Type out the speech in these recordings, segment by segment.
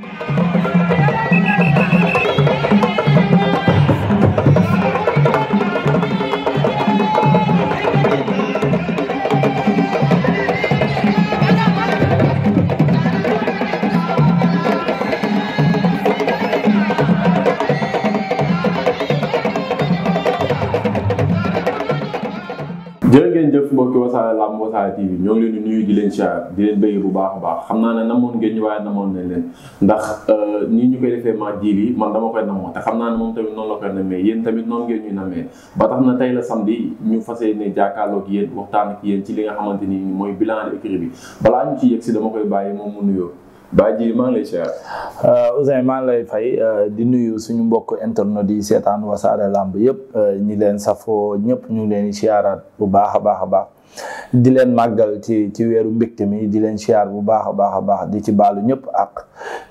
Thank you. leen bu baax a baax xam naa ne namoon ngeen ñu waaye namoon nañ leen ndax euh, nii ñu koy defee ma jiili man dama koy namoo te xam naa ne moom tamit noonu la koy namee yéen tamit noonu ngeen ñuy namee ba tax na tey la samedi ñu fas yéene jàkkaarloog yéen waxtaan ak yéen ci li nga xamante ni mooy bilan de l'écurie bi balaa ñu ci yegg si dama koy bàyyi moom mu nuyoo Ba ji maa ngi lay siyaar. Euh, Ousseyn maa ngi lay fay euh, di nuyu suñu mbokk internet di seetaan wasaare lamb yëpp ñi leen safoo ñëpp ñu ngi leen di di leen màggal ci ci weeru mbégte mi di leen siyaar bu baax a baax a baax di ci baalu ñëpp àq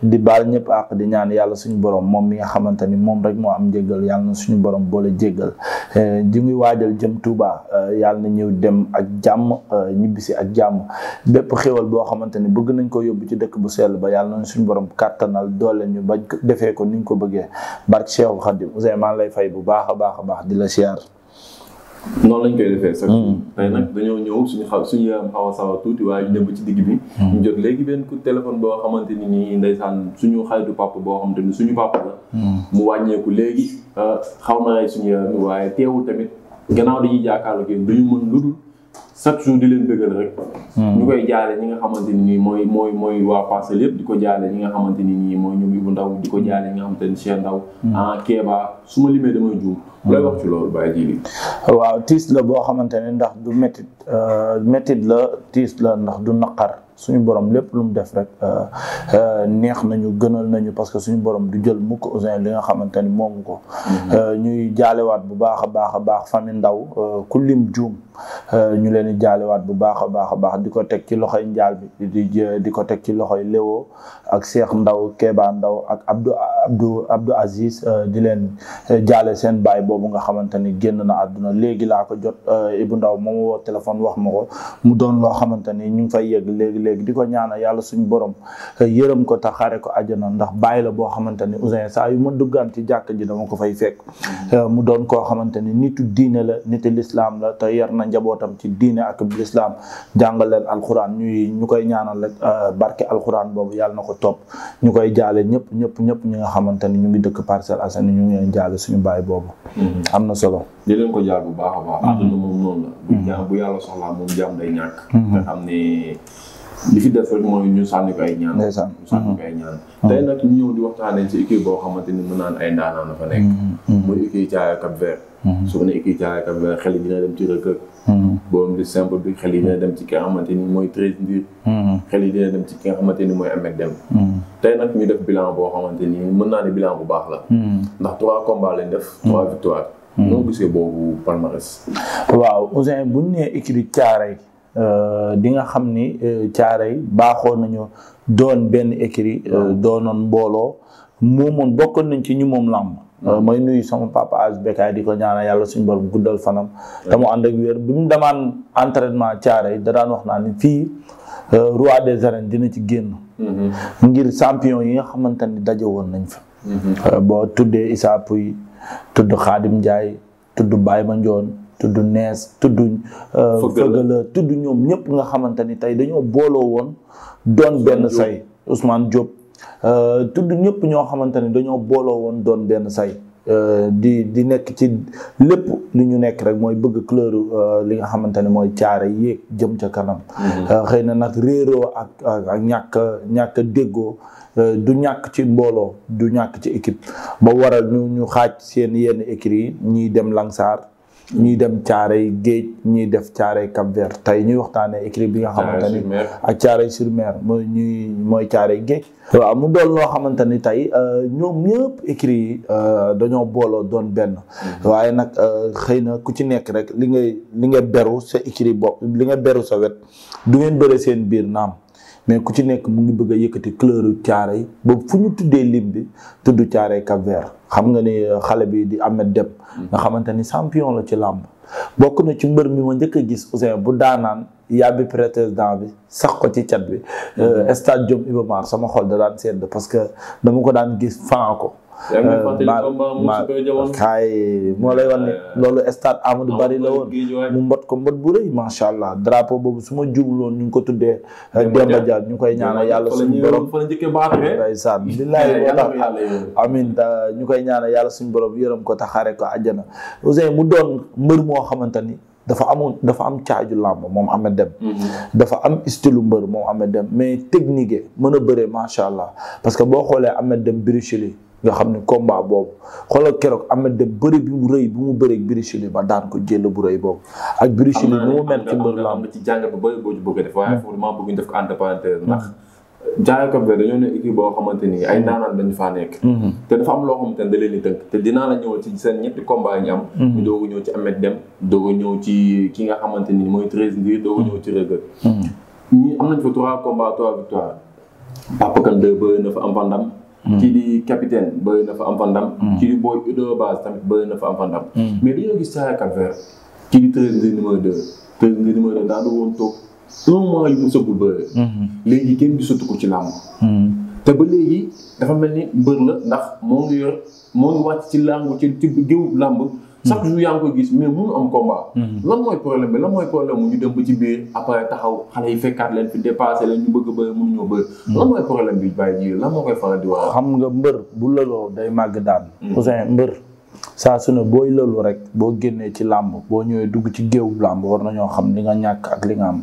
di baal ñëpp àq di ñaan yàlla suñu borom moom mi nga xamante ni moom rek moo am jéggal yàlla na suñu borom boole jéggal eh, di ngi waajal jëm Tuuba eh, yàlla na ñëw dem ak jàmm eh, ñibbisi ak jàmm bépp xewal boo xamante ni bëgg nañ ko yóbbu ci dëkk bu sell ba yàlla na suñu borom kàttanal doole ñu ba defee ko ñu ko bëggee barke Cheikh Khadim Ousmane lay fay bu baax a baax a baax di la siyaar noonu lañ koy defee sax. Hmm. tey nag dañoo ñëw suñu xaw suñu yaram xaw a sawa tuuti waaye ñu ba ci digg bi. Hmm. ñu jot léegi benn coup téléphone boo xamante ni nii ndeysaan suñu xaritu papa boo xamante ni suñu papa la. Hmm. mu wàññeeku léegi ah, xaw ma lay suñu yaram waaye teewul tamit gannaaw dañuy jàkkaarloo ak yéen duñu mën lu dul. chaque jour di leen bëggal rek. Hmm. ñu koy jaale ñi nga xamante nii mooy mooy mooy waa Parcelles yëpp di ko jaale ñi nga xamante ni mooy ñu ñoom Ibou Ndaw di ko jaale ñi nga xamante ni Cheikh Ndaw. Hmm. ah Kéba su ma limee damay juum. Hmm. looy wax ci loolu bàyyi ji waaw tiis la boo xamante ne ndax du métit euh, métit la tiis la ndax du naqar. suñu borom lépp lu mu def rek euh, euh, neex nañu gënal nañu parce que suñu borom du jël mukk Ouzin li nga xamante ni moomu ko. Mm-hmm. Euh, ñuy jaalewaat bu baax a baax a baax famille ndaw ku lim juum ñu leen di jaalewaat bu baax a baax a baax di ko teg ci loxoy njaal bi di di ko teg ci loxoy Léwo ak Cheikh Ndaw Kéba Ndaw ak abdu Abdou Abdou Aziz di leen jaale seen baay boobu nga xamante ni génn na àdduna léegi laa ko jot Ibou Ndaw moom woo téléphone wax ma ko mu doon loo xamante ñu fay yegg léegi di ko ñaanal yàlla suñu borom eh, yërëm ko ta xare ko àjjana ndax bàyyi la boo xamante ni Ouzin saa yu ma duggaan ci jàkk ji dama ko fay fekk eh, mu doon koo xamante ni nitu diine la nitu lislaam la te yar na njabootam ci diine ak lislaam jàngaleel alxuraan ñuy ñu koy ñaanal rek eh, barke alxuraan boobu yàlla na ko topp ñu koy jaale ñëpp ñëpp ñëpp ñu nga xamante ni ñu ngi dëkk Parcelles Assainies ñu ngi leen suñu baay boobu mm-hmm. am na solo di leen ko jaar bu baax a mm-hmm. li fi def rek mooy ñu sànni ko ay ñaan. Mm-hmm. tey nag ñu ñëw di waxtaanee ci équipe boo xamante ni mën naan ay ndaanaan la fa nekk. Mm-hmm. muy équipe Thiaroye Cap Vert. Mm-hmm. su ma nee équipe Thiaroye Cap Vert xel yi dina bi xel yi dina dem ci ki nga ni mooy Treize Ndir. xel yi ni mooy Ahmed Deme. tey nag ñu def bilan boo ni mën naa ne bilan bu baax la. ndax trois combats lañ def. trois victoires. noo gisee boobu palmarès. waaw bu ñu nee équipe Thiaroye Euh, di nga xam ni euh, caaray baaxoo nañu doon benn écrit euh, doonoon mbooloo moomoon bokkoon nañ ci ñu moom làmb mooy nuyu sama papa as bekaay di ko ñaanal yàlla suñu borom guddal fanam te mu ànd ak wér bi mu demaan entraînement caaray da daan wax naa ni fii roi des arènes dina ci génn mm-hmm. ngir champion yi nga xamante ni daje woon nañ fa mm-hmm. boo tuddee isaa Pouye tudd Khadim Ndiaye tudd Baye Mandione tudd nees tudd euh, fëgala tudd ñoom ñëpp nga xamante ni tey dañoo booloo woon doon benn say Ousmane Diop euh, tudd ñëpp ñoo xamante ni dañoo booloo woon doon benn say euh, di di nekk ci lépp li ñu nekk rek mooy bëgg couleur li nga xamante ne mooy caare yéeg jëm ca kanam mhm. xëy na nag réeroo ak ak ñàkk ñàkk déggoo du ñàkk ci mbooloo du ñàkk ci équipe ba waral ñu ñu xaaj seen yenn écrits yi ñiy dem Langsar ñuy dem caaray géej ñuy def caaray Cap Vert tey ñuy waxtaanee écrit bi nga xamante ni ak caaray sur mer mooy ñuy mooy caaray géej waaw mu doon loo xamante ni tey euh, ñoom yëpp écrit yi euh, dañoo booloo doon benn mhm. waaye nag euh, xëy na ku ci nekk rek li ngay li nga beru sa écrit bopp li nga beru sa wet du ngeen bëre seen biir naam mais ku ci nekk mu ngi bëgg a yëkkati couleur Thiaroye ba fu ñu tuddee lim bi tudd Thiaroye Cap Vert xam nga ni euh, xale bi di Ahmed Deme mm. nga xamante ni champion la ci làmp bokk na ci mbër mi ma njëkk a gis Ousseyn bu daanaan yàbbi président bi sax ko ci cat bi mm-hmm. euh, stade Diop Iba sama xol da daan sedd parce que dama ko daan gis fan ko xaay euh, moo lay wan ne euh, loolu stade Amadou bari la woon mu mbot ko mbot bu rëy macha allah drapeau boobu su ma jubloon ñu ngi ko tuddee euh, Demba Dia ñu koy ñaanal yàlla suñu borom ndeysaan billaahi moo tax ñu koy ñaanal yàlla suñu borom yërëm ko taxaare ko àjjana Ousseyn mu doon mbër moo xamante ni dafa amoon dafa am caaju làmb moom Ameth Dème mm-hmm. dafa am stylu mbër moom Ameth dem mais technique mën a bëree macha allah parce que boo xoolee Ameth dem Biréchili nga xam ne combat boobu xoolal keroog am de bëri bi mu rëy bi mu bëri Birichili ba daan ko jël bu rëy boobu ak Birichili nu mu mel ci mbër la am ci bëgg a def waaye hmm. foofu maa bëgg ñu def ko entre parenthèse ndax Jaaga Cap Vert dañoo ne équipe boo xamante ni ay hmm. naanaan dañu faa nekk hmm. te dafa am loo xamante ne da leen di tënk te dinaa la ñëw ci seen ñetti combat yi am ñu doog ñëw ci Ahmed Dem doog ñëw ci ki nga xamante ni mooy Treize Ndir doog a ñëw ci Reug Reug ñu am nañ fa trois combats trois victoires Papa Kane 2 bëri na fa Hmm. kii di capitaine bëri fa am fa ndam. ci hmm. di booy Udo Bas tamit bëri na fa am fa ndam. Hmm. mais dañoo gis Saara Cap-Vert kii di trésorier numéro 2 trésorier numéro 2 daa doon woon toog un mois yu mu sëggul bëre. léegi kenn gisatu ko ci làmb. te ba léegi dafa mel ni mbër la ndax moo ngi yor moo ngi wàcc ci làmb ci ci géewu làmb. chaque jour yaa ngi koy gis mais mënu am combat. Mhm. lan mooy problème bi lan mooy problème mu ñu dem ba ci taxaw xale yi fekkaat leen fi dépassé leen bëgg bëri mënuñoo bëri. Mhm. lan mooy problème bi Baye Djily lan moo koy faral di wax. xam nga mbër bu lëloo day màgg daan. Mhm. Ousseyn mbër sa su ne booy lëlu rek boo génnee ci làmb boo ñëwee dugg ci géewu làmb war ñoo xam li nga ñàkk ak li nga am.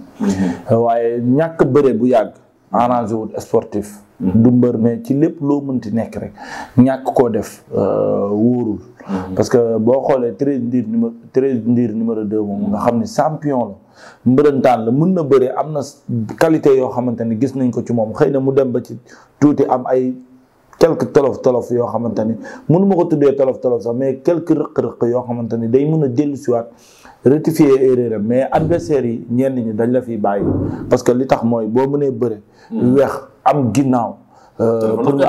waaye ñàkk bëre bu yàgg arrangé wut sportif. Mm-hmm. du mbër mais ci lépp loo mënti nekk rek ñàkk koo def euh, wóorul. Mm-hmm. parce que boo xoolee treize ndiir numéro treize numéro deux moom nga xam ne champion la. mbërëntaan la mën na bëre am na qualité yoo xamante ne gis nañ ko ci moom xëy na mu dem ba ci tuuti am ay quelques tolof tolof yoo xamante ni mënu ko tuddee tolof tolof sax mais quelques rëq-rëq yoo xamante ni day mën a dellu siwaat rectifier erreur mais adversaires yi ñenn ñi dañ la fi bàyyi parce que li tax mooy boo mënee bëre mm-hmm. weex am ginnaaw. Euh, pour nga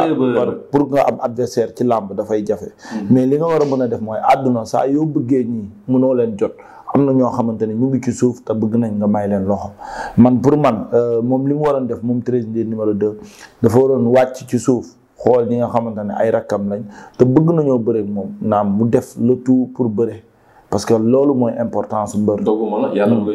pour nga am adversaire ci làmb dafay jafe. Hmm. mais li nga war a mën a def mooy àdduna saa yoo bëggee ñii mënoo leen jot. am na ñoo xamante ne ñu ngi ci suuf te bëgg nañ nga may leen loxo man pour man euh, moom li mu waroon def moom Treize Ndiaye numéro de dafa waroon wàcc ci suuf. xool ñi nga xamante ne ay rakkam lañ te bëgg nañoo bëre moom naam mu def le tout pour bëre parce que loolu mooy importance mbër. dogu ma la yàlla mu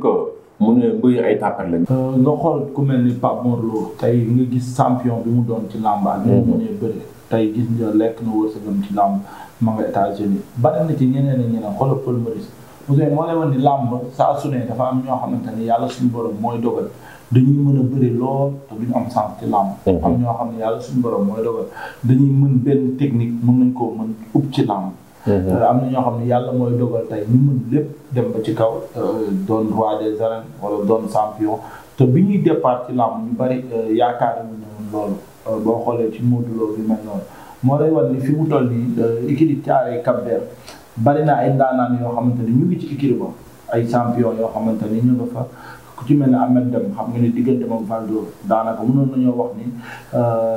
ko. mu ne mbëy ay tàppat lañ. Euh, nga xool ku mel ni Pape Mor Lo tey nga gis champion bi mu doon ci làmb ak ni mu mënee bëri tey gis nga lekk na wërsëgam ci làmb ma nga États-Unis bare na ci ñeneen ak ñeneen xoolal Paul Maurice Ouzin làmb am ñoo xamante ne yàlla suñu borom mooy dogal dañuy mën a bëri lool te mhm. ñoo xam ne yàlla suñu borom mooy dogal dañuy mën benn technique mën nañ koo mën ub ci làmb Mm-hmm. am na ñoo xam ne yàlla mooy dogal tey ñu mën lépp dem ba ci kaw euh, doon roi de arènes wala doon champion te bi ñuy départ ci làmb ñu bari euh, yaakaar nañu loolu euh, boo xoolee ci Modou Lo bi mel noonu moo lay wan ni fi mu toll nii écurie Thiaroye Cap Vert bari na ay ndaanaan yoo xamante ni ñu ngi ci écurie ba ay champion yoo xamante ni ñu nga fa ku ci mel ne Ahmed xam nga ni diggante moom Valdo daanaka mënoon nañoo wax ni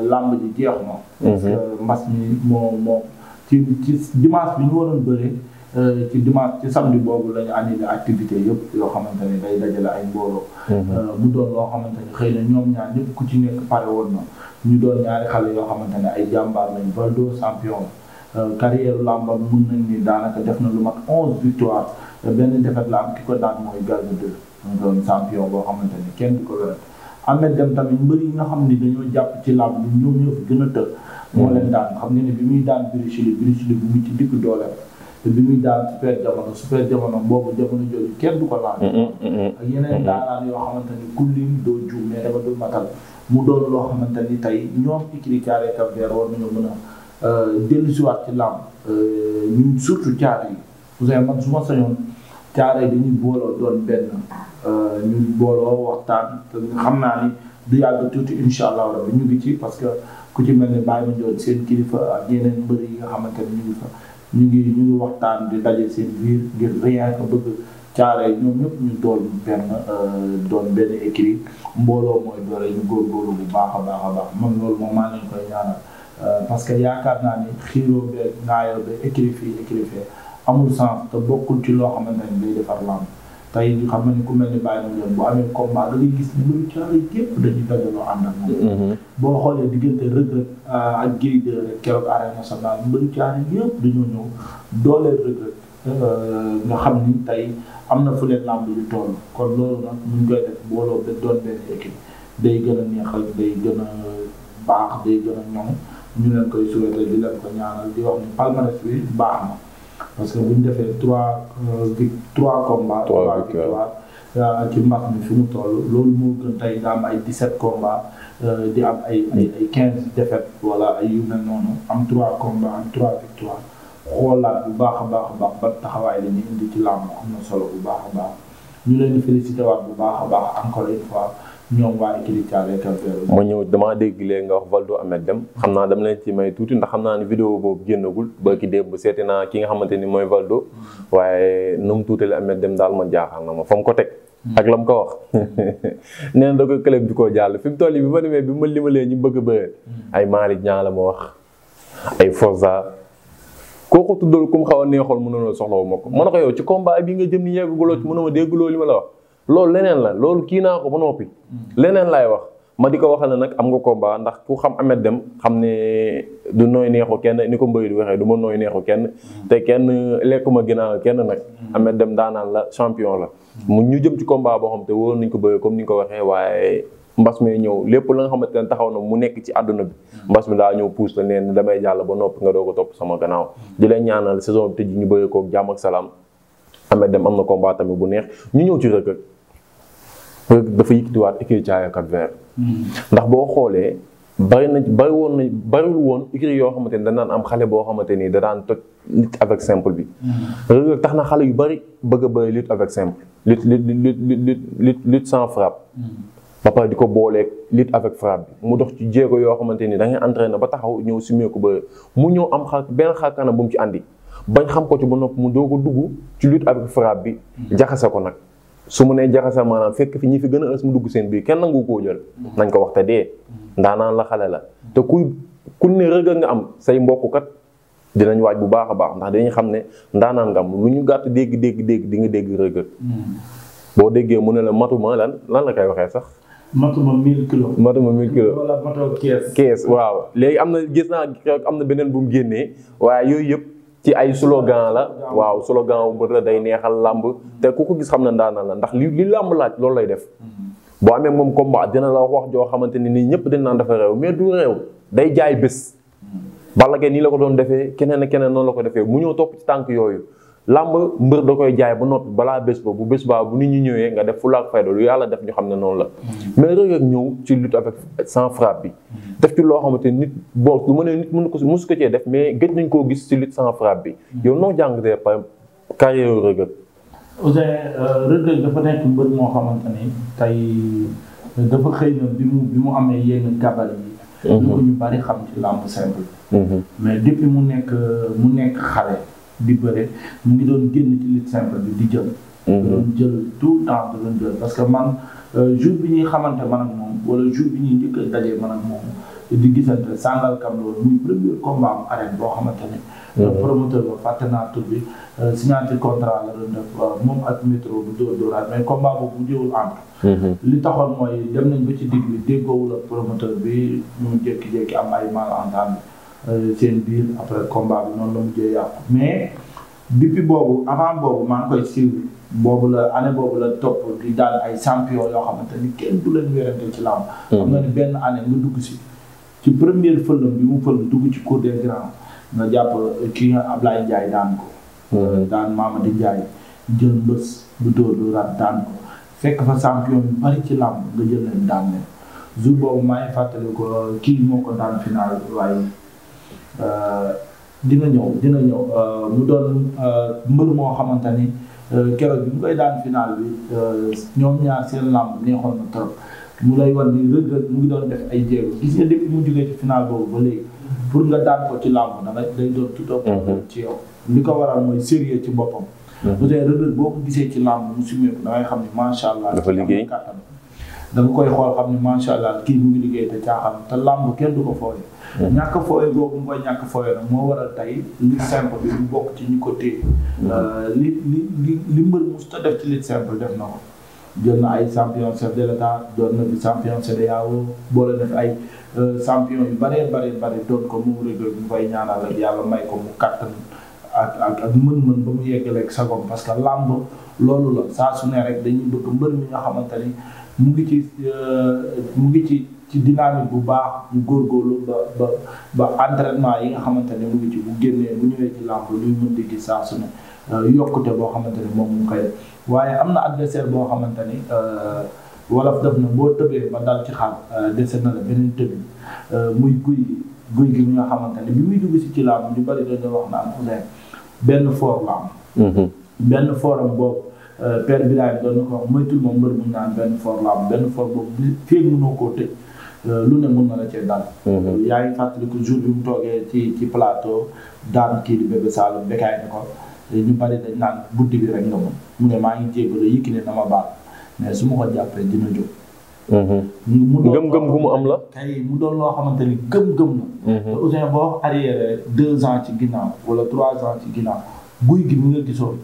làmb ji jeexu ma mm-hmm. parce que mbas mi moo ci ci dimanche bi ñu waroon bëree euh, ci dimanche ci samedi boobu la ñu annulé activité yëpp yoo xamante ne day dajale ay mbooloo. Mhm. Euh, mu doon loo xamante ne xëy na ñoom ñaar ñëpp ku ci nekk pare woon na ñu doon ñaari xale yoo xamante ne ay jàmbaar lañ Valdo champion euh, carrière làmbam mun nañ ni daanaka def na lu mat onze victoire benn défaite la am ki ko daan mooy Garga 2 mu doon champion boo xamante ne kenn du ko wéral Ahmed dem tamit mbër yi nga xam ni dañoo jàpp ci làmb bi ñoom moo leen daan xam nga ne bi muy daan Brésil Brésil bu mu ci digg dooleem te bi muy daan super jamono super jamono boobu jamono jooju kenn du ko laal. Mm-hmm, mm-hmm. ak yeneen daanaan yoo xamante ni ku lim doo juum mais dafa dul matal mu doon loo xamante ni tey ñoom écurie Thiaroye Cap Vert war nañoo mën a euh, dellusiwaat ci làmb euh, ñun su caar yi vous savez man su ma sañoon. caaray dañuy booloo doon benn euh, ñu booloo waxtaan te xam naa ni du yàgg tuuti incha allah rabi ñu ngi ci parce que ku ci mel ne bàyyi ma njoon seen kilifa ak yeneen mbër yi nga xamante ne ñu ngi ñu ngi ñu waxtaan di daje seen biir ngir rien que bëgg yi ñoom ñëpp ñu doon benn euh, doon benn écrit mbooloo mooy doole ñu góorgóorlu bu baax a baax a baax man loolu moom maa leen koy ñaanal euh, parce que yaakaar naa ni xiiroo be ngaayoo be écrit fii écrit fee amul sens te bokkul ci loo xamante ne day defar làmb tey xam nga ni ku mel ni bàyyi na leen da ngay mm-hmm. boo xoolee diggante Reug Reug euh, ak Gris 2 rek keroog arène nationale mbëri caare yëpp dañoo ñëw dooleel Reug euh, nga xam ni tey am na fu leen làmb yu toll kon loolu nag ñu koy def booloo ba doon benn équipe day gën a neexal day gën a baax day gën a ñoŋ ñu leen koy souhaité di leen ko ñaanal di wax ni palmarès bi baax na. parce que bu ñu defee trois euh, trois combats. trois victoires euh, ci mbas mi fi mu toll loolu moo gën ay dix-sept combats euh, di am ay ay ay quinze défaites wala ay yu mel noonu am trois combats am trois victoires xoolaat bu baax a baax a baax ba taxawaay la ñu indi ci làmb am na solo bu baax baax ñu leen di félicité waat bu baax a baax encore une fois. ñoom waa euh, ma ñëw damaa dégg léegi nga wax Valdo Ahmed dem xam naa dem nañ ci may tuuti ndax xam naa ne vidéo boobu génnagul ba ki démb seeti naa ki nga xamante ni mooy Valdo waaye nu mu tuutalee Ahmed Deme daal man jaaxal na ma fa mu ko teg. ak la mu ko wax nee da ko club bi koo jàll fi mu toll yi bi ma demee bi ma limalee ñu bëgg a bëre ay Malick Niang la ma wax ay Forza koo ko tuddal ku mu xaw a neexoon mënoon a wu ma ko. ma ne ko yow ci combat bi nga jëm ni yegguloo ci mënoo ma li ma la wax. loolu leneen la loolu kii naa ko ba noppi. Hmm. leneen laay wax ma di ko waxee ne nag am nga combat ndax ku xam amee dem xam ne du nooy neexu kenn ni ko mbay di waxee du ma nooy neexu kenn. Hmm. te kenn lekkuma ginnaaw kenn nag. Hmm. Ameth Deme daanaan la champion la. mu ñu jëm ci combat boo xam te wóor nañ ko bëggee comme ni nga ko waxee waaye. mbas mi ñëw lépp la nga xamante ne taxaw na mu nekk ci àdduna bi mbas mi daa ñëw puus la neen damay jàll ba noppi nga doo ko topp sama gannaaw di leen ñaanal saison bi tëj ñu bëri koog jàmm ak salaam Ameth am na combat tamit bu neex ñu ñëw ci Reug Reug dafa yëkkatiwaat écurie Thiaroye Cap Vert hmm. ndax boo xoolee bari na bari woon na bariwul woon écurie yoo xamante ni danaan am xale boo xamante ni da daan toj lutte simple bi hmm. tax na xale yu bëri lutte avec simple lutte lutte lutte lutte sans frappe hmm. ba di ko booleeg lutte avec frappe mu dox ci jéego yoo xamante ni da ngay entraîné ba taxaw ñëw sumee ko ba mu ñëw am xar benn xar kanam bu mu ci àndi bañ xam ko ci ba nopp mu doo ko dugg ci liit avec frappe bi jaxase ko nag su mu nee jaxasa maanaam fekk fi ñu fi gën a ës mu dugg seen biir kenn nangu koo jël nañ ko wax te dee ndaanaan la xale la te ku ku ne rëgg nga am say mbokk kat dinañ waaj bu baax a baax ndax dañuy xam ne ndaanaan nga am lu ñu gàtt dégg dégg dégg di nga dégg rëgg hmm. boo déggee mu ne la matuma lan lan la koy waxee sax matuma 1000 kilos matuma 1000 kilos wala matoo waaw léegi am na gis naa am na beneen bu mu génnee waaye yooyu yëpp ci ay slogan la waaw slogan wu mbër la day neexal làmb te ku ko gis xam na ndaanaan la ndax li li làmb laaj loolu lay def boo amee moom combat dina la wax joo xamante ni nii ñëpp dañ naan dafa réew mais du réew day jaay bés Balla Gaye nii la ko doon defee keneen ak keneen noonu la ko defee mu ñëw topp ci tànk yooyu làmb mbër da koy jaay ba noppi balaa bés ba bu bés baa bu nit ñi ñëwee nga def fulaak fayda lu yàlla def ñu xam ne noonu la mm-hmm. mais Reug Reug ñëw ci mm-hmm. def ci loo xamante nit boo du mën ne nit mënu ko mosu cee def mais gëj nañ koo gis ci lutte sans frappe bi mm-hmm. noo jàngatee par carrière euh, Reug Reug dafa nekk mbër moo xamante tey euh, dafa xëy bi mu amee yenn gabari lu mu nekk euh, mu nekk xale di bëre mu ngi doon génn ci lutte simple bi di jël. Mhm. doon jël tout temps doon jël parce que man euh, jour bi ñuy xamante man ak moom wala jour bi ñuy njëkk a man ak moom di gisante sàngal kam loolu muy premier combat am arène boo xamante ne. Mhm. promoteur ba fàtte naa tur bi euh, signature contrat la doon def euh, moom ak métro bu dóor dóoraat mais combat boobu bu jëwul am. Mhm. li taxoon mooy dem nañ ba ci digg bi déggoowul ak promoteur bi mu jékki-jékki am ay malentendu. Euh, seen biir après combat bi noonu la mujjee yàqu mais depuis boobu avant boobu maa ngi koy suivre boobu la année boobu la topp di daan ay champion yoo xamante ni kenn du leen werante ci làmb hmm. xam nga benn année nga dugg si ci première fëllam bi mu fël dugg ci cour des grands jàpp euh, ki nga Ablaye Ndiaye daan ko hmm. euh, daan di Ndiaye jël mbës bu dóor du rat daan ko fekk fa champion yu bari ci làmb nga jël leen daan leen jour boobu maa ngi fàttali ko kii moo ko daan final waaye Euh, dina ñëw dina ñëw euh, mu doon euh, mbër moo xamante ni keroog bi mu koy daan final bi ñoom ñaar seen làmb neexoon na trop mu lay wan ni Reug mu ngi doon def ay jéego gis nga depuis mu jógee ci final boobu ba léegi pour nga daan ko ci làmb da ngay day doon tout mhm. ci yow li ko waral mooy sérieux ci boppam. bu mhm. dee Reug Reug boo ko gisee ci làmb mu sumeeku da xam ne macha allah. dafa liggéey kàttan da koy xool xam ni macha allah kii mu ngi liggéey te caaxaan te làmb kenn du ko fooye mm. ñàkk fooye boobu nga koy ñàkk fooye nag moo waral tey lutte simple bi mu bokk ci ñu ko téye mm. euh, li li li li mbër mus def ci lutte simple def na ko jël na ay champion chef de l'état doon na fi champion CEDEAO boole na fi ay euh, champion yu bare bare bare doon ko mu rëgg mu koy ñaanal ak yàlla may ko mu kattan ak ak ak mën-mën ba mu yeggaleeg sagom parce que làmb loolu la ne rek dañuy bëgg mbër mi nga xamante ni mu ngi ci euh, mu ngi ci ci dynamique bu baax bu góorgóorlu ba ba ba entraînement yi nga xamante ne mu ngi ci bu génnee bu ñëwee ci làmb luy mën di gis saa su ne euh, yokkute boo xamante ne moom mu koy waaye am na adversaire boo xamante ni euh, wolof def na boo tëbee ba dal ci xaal dese na la beneen tëbi muy guy gi guy gi nga xamante ne bi muy dugg si ci làmb ñu bari dañu wax naan Ouzin benn foor la am mm-hmm. benn fooram boobu Euh, père Birahim doon na ko wax moytul moom mbër mu naan benn for la am benn for boobu fii mënoo koo tëj euh, lu ne mën na la cee dal. Mhm. Euh, yaa ngi fàttali ko jour bi mu toogee ci ci plateau daan kii di Bébé Saloum bekkaay ni ko eh, ñu bari dañ naan buddi bi rek nga mën mu ne maa ngi jéego yëkki ne dama baal mais su ma ko jàppee dina jóg. Mhm. mu gëm-gëm gu mu am la. tey mu doon loo xamante ni gëm-gëm la. Mhm. te ans ci ginnaaw wala trois ans ci ginnaaw. guy gi mi nga gisoon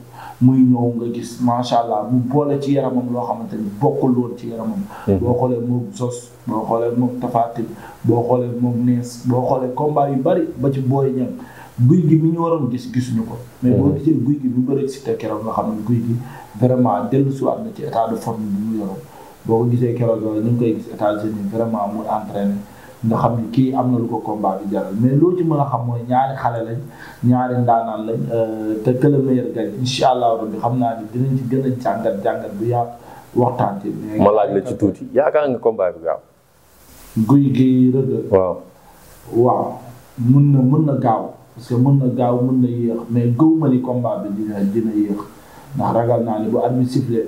muy ñëw nga gis macha allah mu boole ci yaramam loo xamante ni bokkul woon ci yaramam. Hmm. boo xoolee moom sos boo xoolee moom tafaatil boo xoolee moom nees boo xoolee combat yu bari ba ci booy ñam guy gi mi ñu waroon gis gisuñu ko. Hmm. mais boo gisee guy gi mu bëri si te keroog nga xam ne guy gi vraiment dellusiwaat na ci état de forme bi mu yoroon boo ko gisee keroog yooyu ñu ngi koy gis états-unis vraiment mu entraîné. nga xam ni kii am na lu ko combat bi jaral mais loo ci mën a xam mooy ñaari xale lañ ñaari ndaanaan lañ euh, te que le meilleur gagne incha allah rabbi xam naa ni dinañ ci gën a jàngat jàngat bu waxtaan ci. ma tuuti yaakaar nga combat bi gaaw. guy gi rëgg. waaw. mun na mun na gaaw parce mun na gaaw mun na yéex mais gëwuma ni combat bi dina dina yéex ndax ragal naa ni bu arbitre sifflé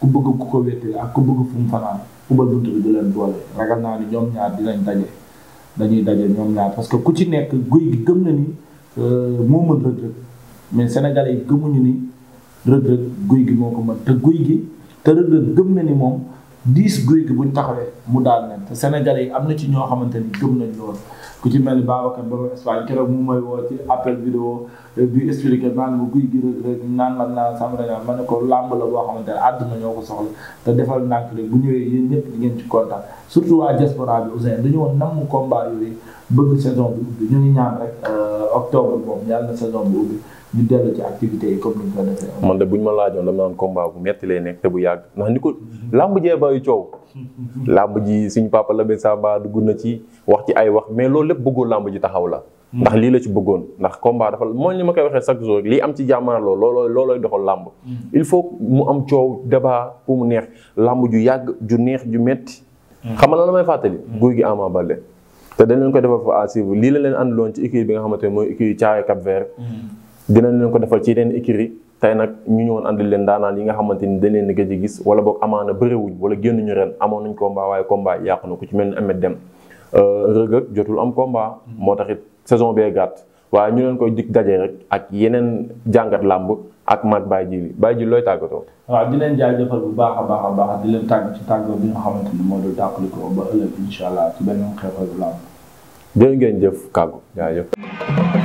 ku bëgg ku ko wéttali ak ku bëgg fu fanaan. ubal bunt bi di leen doole ragal naa ni ñoom ñaar dinañ daje dañuy daje ñoom ñaar parce que ku ci nekk guy gi gëm na ni euh, moo mën Reug Reug mais Sénégalais yi gëmuñu ni Reug Reug guy gi moo ko mën te guy gi te Reug Reug gëm na ni moom dix guy gi buñ taxawee mu daal leen te Sénégalais yi am na ci ñoo xamante ni gëm nañ loolu ku ci mel ni Babacar borom Espagne keroog mu may woo ci appel vidéo bi expliqué naan ma guy gi rek rek naan la naan sàmm nañ ma ne ko làmb la boo xamante àdduna ñoo ko soxla te defal nànk rek bu ñëwee yéen ñëpp di ngeen ci kontaan surtout waa diaspora bi Ousseyn dañu woon namm combat yooyu bëgg saison bi ubbi ñu ngi ñaan rek euh, octobre boobu yàlla na saison bi ubbi. ñu dellu ci man de bu ñu ma laajoon dama naan combat bu metti lay nekk te bu yàgg ndax ni ko làmb jee ba bàyyi coow. làmb ji suñu la Lamine Samba dugg na ci wax ci ay wax mais loolu lépp bëggoon làmb ji taxaw la. ndax lii la ci bëggoon ndax combat dafa moo ni ma koy waxee chaque jour lii am ci jàmmaarloo looloo loolooy doxal làmb. Mm. il faut mu am coow débat pour mu neex làmb ju yàgg ju neex ju metti mm. xam nga la may fàttali. Mm. guy gi Ama Baldé te dañ leen ko defal lii la leen àndaloon ci bi nga xamante ne mooy équipe Thiaroye Cap dinañ leen ko defal ci yeneen écurie tey nag ñu ñëwoon andil leen daanaan yi nga xamante ni dañ leen gëj a gis wala boog amaana bëriwuñ wala génnuñu ren amoon nañ combat waaye combat yàqu na ku ci mel ni Ameth Dème euh, Reug Reug jotul am komba moo tax it saison bee gàtt waaye ñu leen koy dikk daje rek ak yeneen jàngat làmb ak mag Baye Djili Baye Djili looy tàggatoo. waaw di leen jaajëfal bu baax a baax a baax di leen tàgg ci tàggatoo bi nga xamante ni moo dul tàqalikoo ba ëllëg allah ci beneen xeexu